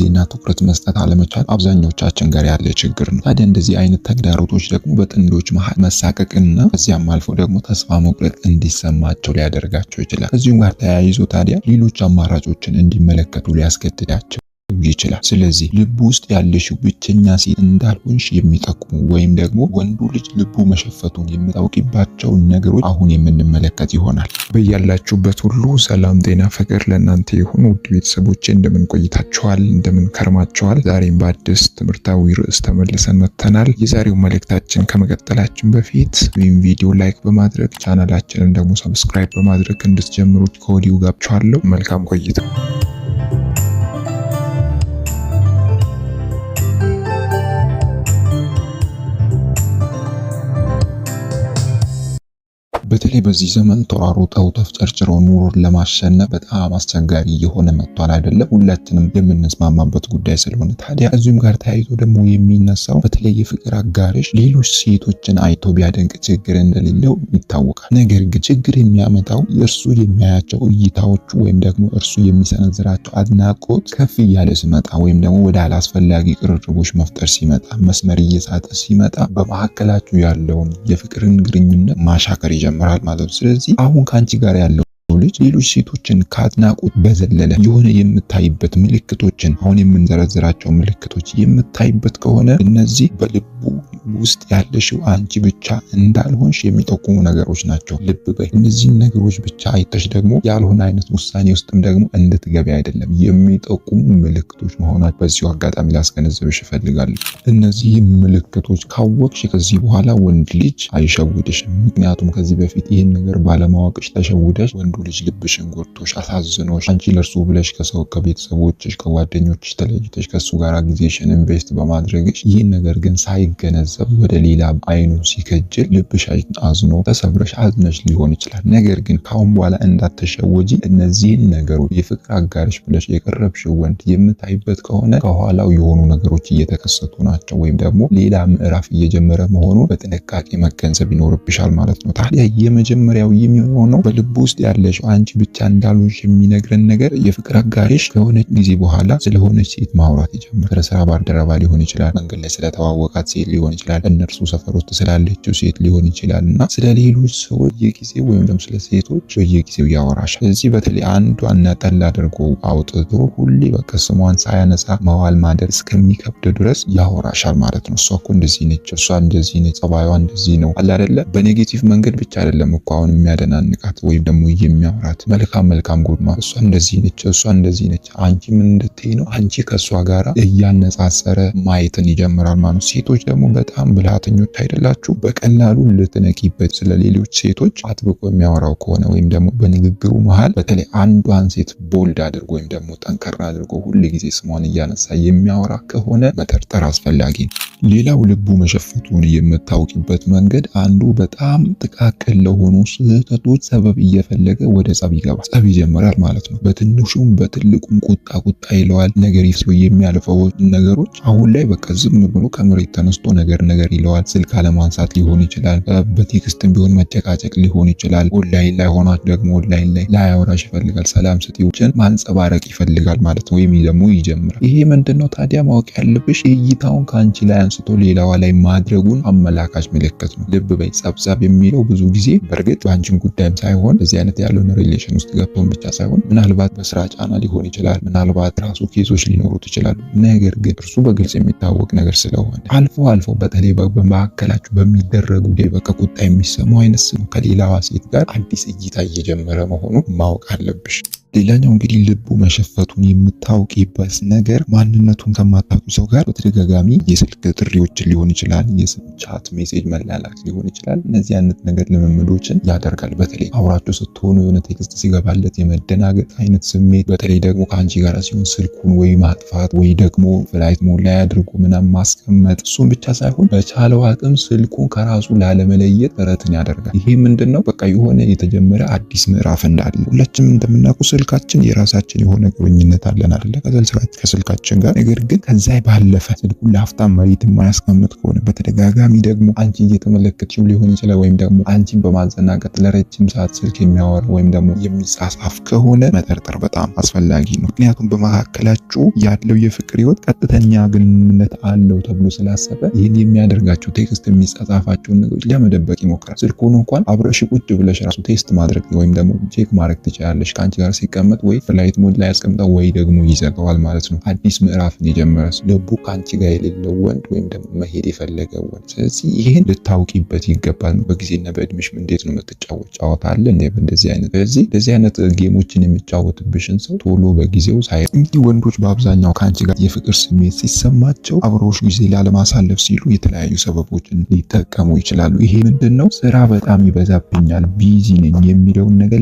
ጊዜና ትኩረት መስጠት አለመቻል አብዛኞቻችን ጋር ያለ ችግር ነው። ታዲያ እንደዚህ አይነት ተግዳሮቶች ደግሞ በጥንዶች መሀል መሳቀቅና ከዚያም አልፎ ደግሞ ተስፋ መቁረጥ እንዲሰማቸው ሊያደርጋቸው ይችላል። ከዚሁም ጋር ተያይዞ ታዲያ ሌሎች አማራጮችን እንዲመለከቱ ሊያስገድዳቸው ይችላል። ስለዚህ ልቡ ውስጥ ያለሽው ብቸኛ ሴት እንዳልሆንሽ የሚጠቁሙ ወይም ደግሞ ወንዱ ልጅ ልቡ መሸፈቱን የምታውቂባቸው ነገሮች አሁን የምንመለከት ይሆናል። በያላችሁበት ሁሉ ሰላም፣ ጤና፣ ፍቅር ለእናንተ የሆኑ ውድ ቤተሰቦቼ እንደምን ቆይታችኋል? እንደምን ከርማችኋል? ዛሬም በአዲስ ትምህርታዊ ርዕስ ተመልሰን መጥተናል። የዛሬው መልእክታችን ከመቀጠላችን በፊት ወይም ቪዲዮ ላይክ በማድረግ ቻናላችንን ደግሞ ሰብስክራይብ በማድረግ እንድትጀምሩት ከወዲሁ ጋብቻለሁ። መልካም ቆይታ በተለይ በዚህ ዘመን ተሯሩጠው ተፍጨርጭረው ኑሮን ለማሸነፍ በጣም አስቸጋሪ እየሆነ መጥቷል አይደለም? ሁላችንም የምንስማማበት ጉዳይ ስለሆነ ታዲያ እዚሁም ጋር ተያይዞ ደግሞ የሚነሳው በተለይ የፍቅር አጋርሽ ሌሎች ሴቶችን አይቶ ቢያደንቅ ችግር እንደሌለው ይታወቃል። ነገር ግን ችግር የሚያመጣው እርሱ የሚያያቸው እይታዎቹ ወይም ደግሞ እርሱ የሚሰነዝራቸው አድናቆት ከፍ እያለ ሲመጣ ወይም ደግሞ ወደ አላስፈላጊ ቅርርቦች መፍጠር ሲመጣ መስመር እየሳተ ሲመጣ በመካከላችሁ ያለውን የፍቅርን ግንኙነት ማሻከር ይጀምራል። ማለት ነው። ስለዚህ አሁን ከአንቺ ጋር ያለው ልጅ ሌሎች ሴቶችን ከአድናቆት በዘለለ የሆነ የምታይበት ምልክቶችን አሁን የምንዘረዝራቸው ምልክቶች የምታይበት ከሆነ እነዚህ በልቡ ውስጥ ያለሽው አንቺ ብቻ እንዳልሆንሽ የሚጠቁሙ ነገሮች ናቸው። ልብ በይ። እነዚህን ነገሮች ብቻ አይተሽ ደግሞ ያልሆነ አይነት ውሳኔ ውስጥም ደግሞ እንድትገቢ አይደለም የሚጠቁሙ ምልክቶች መሆናቸው በዚሁ አጋጣሚ ላስገነዘብሽ እፈልጋለሁ። እነዚህ ምልክቶች ካወቅሽ ከዚህ በኋላ ወንድ ልጅ አይሸውድሽም። ምክንያቱም ከዚህ በፊት ይህን ነገር ባለማወቅሽ ተሸውደሽ ወንዱ ልጅ ልብሽን ጎድቶሽ አሳዝኖሽ አንቺ ለእርሱ ብለሽ ከሰው ከቤተሰቦችሽ ከጓደኞች ተለይተሽ ከእሱ ጋር ጊዜሽን ኢንቨስት በማድረግሽ ይህን ነገር ግን ሳይገነዘብ ወደ ሌላ አይኑ ሲከጅል ልብሽ አዝኖ ተሰብረሽ አዝነሽ ሊሆን ይችላል። ነገር ግን ካሁን በኋላ እንዳትሸወጂ እነዚህን ነገሮች የፍቅር አጋርሽ ብለሽ የቀረብሽው ወንድ የምታይበት ከሆነ ከኋላው የሆኑ ነገሮች እየተከሰቱ ናቸው ወይም ደግሞ ሌላ ምዕራፍ እየጀመረ መሆኑን በጥንቃቄ መገንዘብ ይኖርብሻል ማለት ነው። ታዲያ የመጀመሪያው የሚሆነው በልብ ውስጥ ያለ እንዳለሽ አንቺ ብቻ እንዳሉሽ የሚነግረን ነገር የፍቅር አጋሪሽ ከሆነች ጊዜ በኋላ ስለሆነች ሴት ማውራት ይጀምር። ከስራ ስራ ባልደረባ ሊሆን ይችላል፣ መንገድ ላይ ስለተዋወቃት ሴት ሊሆን ይችላል፣ እነርሱ ሰፈር ውስጥ ስላለችው ሴት ሊሆን ይችላል እና ስለ ሌሎች ሰዎች የጊዜ ወይም ደግሞ ስለ ሴቶች በየጊዜው ያወራሻል። እዚህ በተለይ አንዷን ነጠል አድርጎ አውጥቶ ሁሌ በቃ ስሟን ሳያነሳ መዋል ማደር እስከሚከብድ ድረስ ያወራሻል ማለት ነው። እሷ እኮ እንደዚህ ነች፣ እሷ እንደዚህ ነች፣ ጸባዩ እንደዚህ ነው አለ አይደለ። በኔጌቲቭ መንገድ ብቻ አይደለም እኮ አሁን የሚያደናንቃት ወይም ደግሞ የሚያወራት መልካም መልካም ጎድማ እሷ እንደዚህ ነች፣ እሷ እንደዚህ ነች፣ አንቺ ምን እንድትይ ነው አንቺ ከእሷ ጋራ እያነጻጸረ ማየትን ይጀምራል ማለት። ሴቶች ደግሞ በጣም ብልሃተኞች አይደላችሁ? በቀላሉ ልትነቂበት ስለ ሌሎች ሴቶች አጥብቆ የሚያወራው ከሆነ ወይም ደግሞ በንግግሩ መሃል በተለይ አንዷን ሴት ቦልድ አድርጎ ወይም ደግሞ ጠንከር አድርጎ ሁል ጊዜ ስሟን እያነሳ የሚያወራ ከሆነ መጠርጠር አስፈላጊ ነው። ሌላው ልቡ መሸፈቱን የምታውቂበት መንገድ አንዱ በጣም ጥቃቅን ለሆኑ ስህተቶች ሰበብ እየፈለገ ወደ ጸብ ይገባል። ጸብ ይጀምራል ማለት ነው። በትንሹም በትልቁም ቁጣ ቁጣ ይለዋል። ነገር ይፍቶ የሚያልፈው ነገሮች አሁን ላይ በቃ ዝም ብሎ ከመሬት ተነስቶ ነገር ነገር ይለዋል። ስልክ አለማንሳት ሊሆን ይችላል። በቴክስትም ቢሆን መጨቃጨቅ ሊሆን ይችላል። ኦንላይን ላይ ሆናችሁ ደግሞ ኦንላይን ላይ ላያወራሽ ይፈልጋል። ሰላም ስቲዎችን ማንጸባረቅ ይፈልጋል ማለት ነው። ወይም ደግሞ ይጀምራል። ይሄ ምንድነው ታዲያ ማወቅ ያለብሽ እይታውን ከአንቺ ላይ አንስቶ ሌላዋ ላይ ማድረጉን አመላካች ምልክት ነው። ልብ በይ ጸብጸብ የሚለው ብዙ ጊዜ በእርግጥ በአንቺን ጉዳይም ሳይሆን እዚህ አይነት ያለው የሆነ ሪሌሽን ውስጥ ገብቶን ብቻ ሳይሆን ምናልባት በስራ ጫና ሊሆን ይችላል፣ ምናልባት ራሱ ኬሶች ሊኖሩት ይችላሉ። ነገር ግን እርሱ በግልጽ የሚታወቅ ነገር ስለሆነ አልፎ አልፎ በተለይ በመካከላችሁ በሚደረጉ በቃ ቁጣ የሚሰማው አይነት ከሌላዋ ሴት ጋር አዲስ እይታ እየጀመረ መሆኑን ማወቅ አለብሽ። ሌላኛው እንግዲህ ልቡ መሸፈቱን የምታውቂበት ነገር ማንነቱን ከማታውቂ ሰው ጋር በተደጋጋሚ የስልክ ጥሪዎችን ሊሆን ይችላል፣ ቻት ሜሴጅ መላላክ ሊሆን ይችላል። እነዚህ አይነት ነገር ልምምዶችን ያደርጋል። በተለይ አውራቸው ስትሆኑ የሆነ ቴክስት ሲገባለት የመደናገጥ አይነት ስሜት፣ በተለይ ደግሞ ከአንቺ ጋር ሲሆን ስልኩን ወይ ማጥፋት ወይ ደግሞ ፍላይት ሞድ ላይ አድርጎ ምናምን ማስቀመጥ። እሱን ብቻ ሳይሆን በቻለው አቅም ስልኩን ከራሱ ላለመለየት ጥረትን ያደርጋል። ይሄ ምንድን ነው? በቃ የሆነ የተጀመረ አዲስ ምዕራፍ እንዳለ ሁላችንም እንደምናውቁ ስልካችን የራሳችን የሆነ ግንኙነት አለን አይደለ? ከስልካችን ጋር ነገር ግን ከዛ ባለፈ ስልኩን ለሀፍታም መሬት የማያስቀምጥ ከሆነ በተደጋጋሚ ደግሞ አንቺ እየተመለከትሽም ሊሆን ይችላል፣ ወይም ደግሞ አንቺን በማዘናቀጥ ለረጅም ሰዓት ስልክ የሚያወራ ወይም ደግሞ የሚጻጻፍ ከሆነ መጠርጠር በጣም አስፈላጊ ነው። ምክንያቱም በመካከላችሁ ያለው የፍቅር ህይወት ቀጥተኛ ግንኙነት አለው ተብሎ ስላሰበ ይህን የሚያደርጋቸው ቴክስት የሚጻጻፋቸውን ነገሮች ለመደበቅ ይሞክራል። ስልኩን እንኳን አብረሽ ቁጭ ብለሽ ራሱ ቴስት ማድረግ ወይም ደግሞ ቼክ ማድረግ ትችላለሽ ከአንቺ ጋር ሲቀመጥ ወይ ፍላይት ሞድ ላይ ያስቀምጠው ወይ ደግሞ ይዘጋዋል ማለት ነው። አዲስ ምዕራፍን የጀመረ ሰው ልቡ ከአንቺ ጋር የሌለው ወንድ ወይም ደግሞ መሄድ የፈለገ ወንድ። ስለዚህ ይህን ልታውቂበት ይገባል። በጊዜና በእድሜሽ እንዴት ነው የምትጫወት ጫወታ አለ እንደ እንደዚህ አይነት ስለዚህ እንደዚህ አይነት ጌሞችን የሚጫወትብሽን ሰው ቶሎ በጊዜው ሳይ እንግዲህ ወንዶች በአብዛኛው ከአንቺ ጋር የፍቅር ስሜት ሲሰማቸው አብረውሽ ጊዜ ላለማሳለፍ ሲሉ የተለያዩ ሰበቦችን ሊጠቀሙ ይችላሉ። ይሄ ምንድን ነው? ስራ በጣም ይበዛብኛል፣ ቢዚ ነኝ የሚለውን ነገር